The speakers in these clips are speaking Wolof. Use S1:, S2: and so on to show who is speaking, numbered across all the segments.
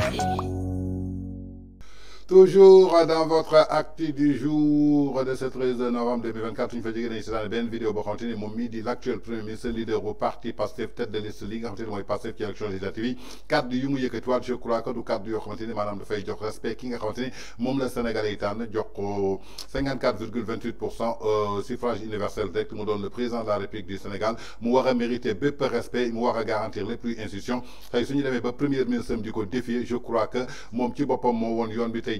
S1: Bye. toujours dans votre acte du jour de ce 13 novembre 2024 une fa jógee nañu vidéo boo xamante ni moom mii di l' premier ministre leader au parti Pastef tête de liste li nga passé ni mooy Pastef ci élection législative yi cadre yu mu je crois que du cadre du xamante Madame de dafay jox respect ki nga xamante ni la Sénégalais yi tànn jox ko 54 euh, suffrage universel direct mu donne le président de la République du Sénégal mu war mérité beaucoup de respect mu war garantir les plus institutions tey su ñu ba premier ministre am défier je crois que mon ci boppam moo woon yoon bi tey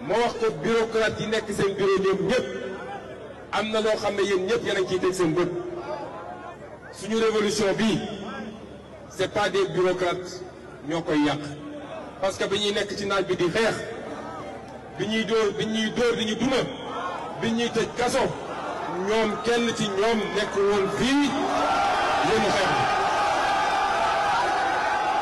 S2: moo wax ko bureaucrate yi nekk seen bureau ñoom ñëpp am na loo xam ne yéen ñëpp yéen ci ngi ciy seen bët suñu révolution bi c'est pas des bureaucrates ñoo koy yàq parce que bi ñuy nekk ci naaj bi di xeex bi ñuy dóor bi ñuy dóor di ñu duma bi ñuy tëj kaso ñoom kenn ci ñoom nekk woon fii yéenu xeex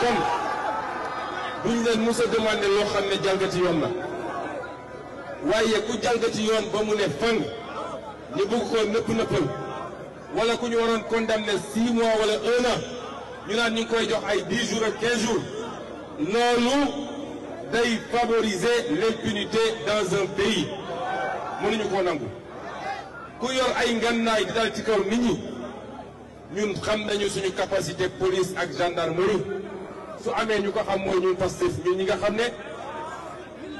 S2: kon duñ leen mës a demandé loo xam ne jalgati yoon la waye ku jalgati yoon ba mu ne fang ñu bëgg ko nëpp nëppal wala ku ñu waroon condamner 6 mois wala 1 an ñu naan ñu ngi koy jox ay 10 jours ak 15 jours loolu day favoriser l'impunité dans un pays mënu ñu ko nangu ku yor ay ngannaay di dal ci kaw nit ñi ñun xam nañu suñu capacité police ak gendarmerie su amé ñu ko xam moy ñun Pastef ñun ñi nga xam ne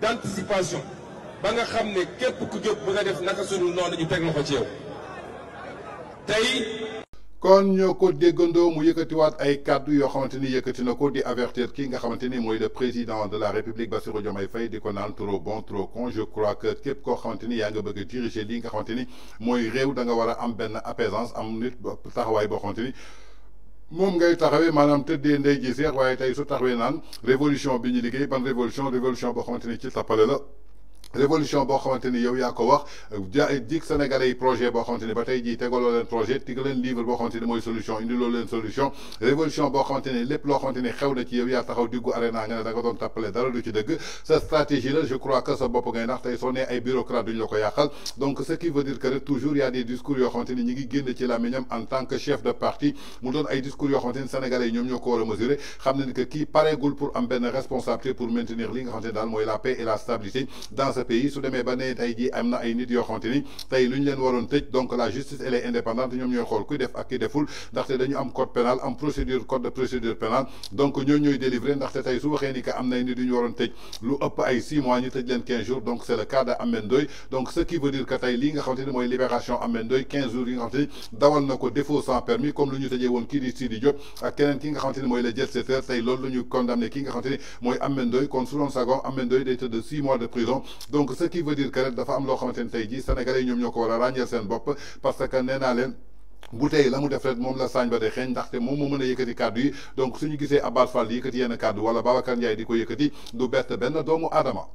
S2: d'anticipation ba nga xam ne képp ku jóg ba nga def naka sunu noonu ñu teg loxo ci yow tey
S1: kon ñoko ko déggandoo mu waat ay kàddu yo xamanteni yëkëti nako di avertir ki nga xamanteni moy le président de la république Bassirou Diomaye Faye di ko naan trop bon trop con je crois que képp ko xamanteni ya nga bëgg diriger li nga xamanteni moy réew da nga wara am ben apaisance am nit taxaway bo xamanteni mom ngay taxawé manam ndey ji révolution biñu révolution révolution boo révolution, ci révolution bo xamante yow ya ko wax dig sénégalais projet bo xamante batay ji tey leen projet tiga leen livre bo xamante ni mooy solution indiloo leen solution révolution bo xamante ni lépp loo xamante xew na ci yow ya taxaw diggu arena nga ne da nga doon tappale dara du ci dëgg sa stratégie la je crois que sa bopp ngay nax tey soo nee ay bureaucrate duñ la ko yàqal donc ce qui veut dire que rek toujours y a des discours yoo xamante ni ñi ngi génn ci làmmiñam en tant que chef de parti mu doon ay discours yoo xamante sénégalais yi ñoom ñoo ko war a mesurer xam nañ que kii pareegul pour am benn responsabilité pour maintenir li nga xamante ni daal mooy la paix et la stabilité dans sa pays su demee ba ne tey jii am ay nit yo xamante tay luñu leen waroon tëj donc la justice elle est indépendante ñom ñoy xol kuy def ak ki deful ndax ndaxte dañu am code pénal am procédure code de procédure pénale donc ñoy ñooy délivrer ndaxte tay su waxé ni ka amna ay nit duñu ñu waroon lu upp ay 6 mois ñu tëj leen 15 jours donc c'est le cas de Ahmed Ndoye donc ce qui veut dire que tay li nga xamante moy libération Ahmed Ndoye quinze jours yi nga xamante dawal nako défaut sans permis comme luñu tejé won woon kii di Sidi Diop ak kenen ki nga xamante moy mooy le jet setter tay loolu lu ñu condamné ki nga xamante moy mooy Ahmed Ndoye kon selon sagom Ahmed Ndoye day de 6 mois de prison donc ce qui veut dire que rek dafa am loo xamante ne tey sénégalais yi ñoom ñoo ko war a seen bopp parce que nee naa leen. bu tey la mu def rek moom la sañ ba de xéñ ndax té mom mo a yëkëti kàddu yi donc suñu gisee Abaat Fall yëkëti yene yenn wala Babacar ndjay diko yëkëti du bett ben doomu aadama